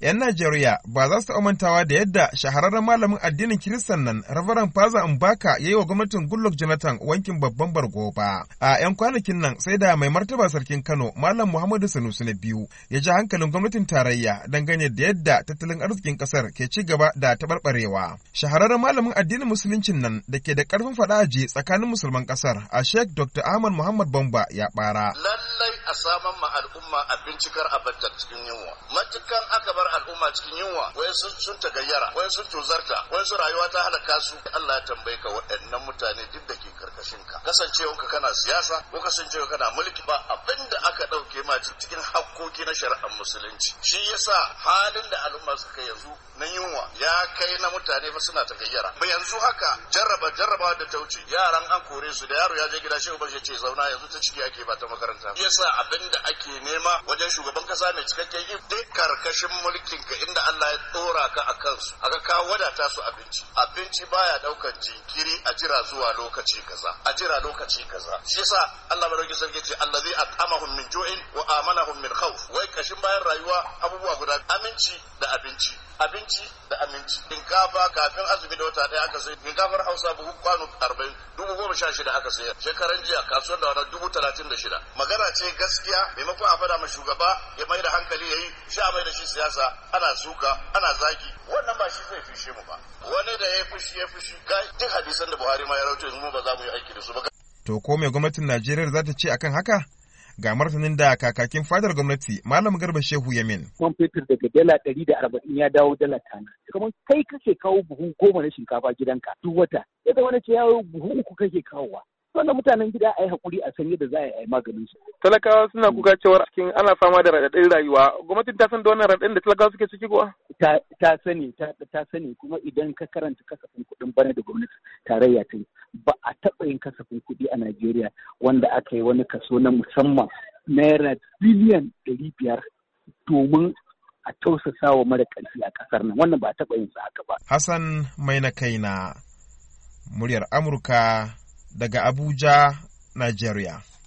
'yan Najeriya ba za su mantawa da yadda shahararren malamin addinin Kiristan nan Rabaran Faza Mbaka ya yi wa gwamnatin Goodluck Jonathan wankin babban bargo ba. A 'yan kwanakin nan sai da mai martaba sarkin Kano Malam Muhammadu Sanusi na biyu ya ji hankalin gwamnatin tarayya dangane da yadda tattalin arzikin ƙasar ke ci gaba da taɓarɓarewa. Shahararren malamin addinin musuluncin nan da ke da ƙarfin faɗa tsakanin musulman ƙasar a Sheikh Dr. Ahmad Muhammad Bamba ya ɓara. lallai a saman ma al'umma a bincikar a cikin yunwa matukan aka bar al'umma cikin yunwa wai sun sun tagayyara wai sun tuzarta wai sun rayuwa ta halaka su Allah ya tambaye ka waɗannan mutane duk da ke karkashin ka kasancewanka kana siyasa ko kasancewa kana mulki ba abin a cikin hakkoki na shari'ar musulunci shi yasa halin da al'umma suka yanzu na yunwa ya kai na mutane ba suna ta gayyara ba yanzu haka jarraba jarrabawa da ta wuce yaran an kore su da yaro ya je gida shehu shi ce zauna yanzu ta ciki ake ba ta makaranta yasa abin da ake nema wajen shugaban kasa mai cikakken yi duk karkashin mulkin ka inda Allah ya dora ka a kansu aka ka wadata su abinci abinci baya daukar jinkiri a jira zuwa lokaci kaza a jira lokaci kaza shi yasa Allah madaukakin sarki ce allazi at'amahum min ju'in wa amanahum min khawf wai kashin bayan rayuwa abubuwa guda aminci da abinci abinci da aminci kafa kafin azumi da wata ɗaya aka sai kafar hausa buhu kwano arba'in dubu goma sha shida aka sayar shekaran jiya kasuwar da wani dubu talatin da shida magana ce gaskiya maimakon a fada ma shugaba ya mai da hankali ya yi sha mai da shi siyasa ana suka ana zagi wannan ba shi zai fishe mu ba wani da ya fushi ya fushi kai duk hadisan da buhari ma ya rauta yanzu mu ba za mu yi aiki da su ba to ko mai gwamnatin najeriya za ta ce akan haka ga martanin da kakakin fadar gwamnati malam garba shehu yamin. man fetur daga dala ɗari da arba'in ya dawo dala tana kamar kai kake kawo buhu goma na shinkafa gidanka duk wata ya zama na ce buhu uku kake kawowa wannan mutanen gida a yi hakuri a san da za a yi maganin su. Talakawa suna kuka cewa cikin ana fama da raɗaɗin rayuwa. Gwamnatin ta san da wannan raɗaɗin da talakawa suke ciki kuwa? ta sani ta sani kuma idan ka karanta kasafin kuɗin bana da gwamnati tarayya ta yi ba a taɓa yin kasafin kuɗi a Najeriya wanda aka yi wani kaso na musamman naira biliyan ɗari biyar domin a tausasa wa mara ƙarfi a ƙasar nan wannan ba a taɓa yin sa haka ba. Hassan mai na kai na muryar Amurka daga Abuja, Najeriya.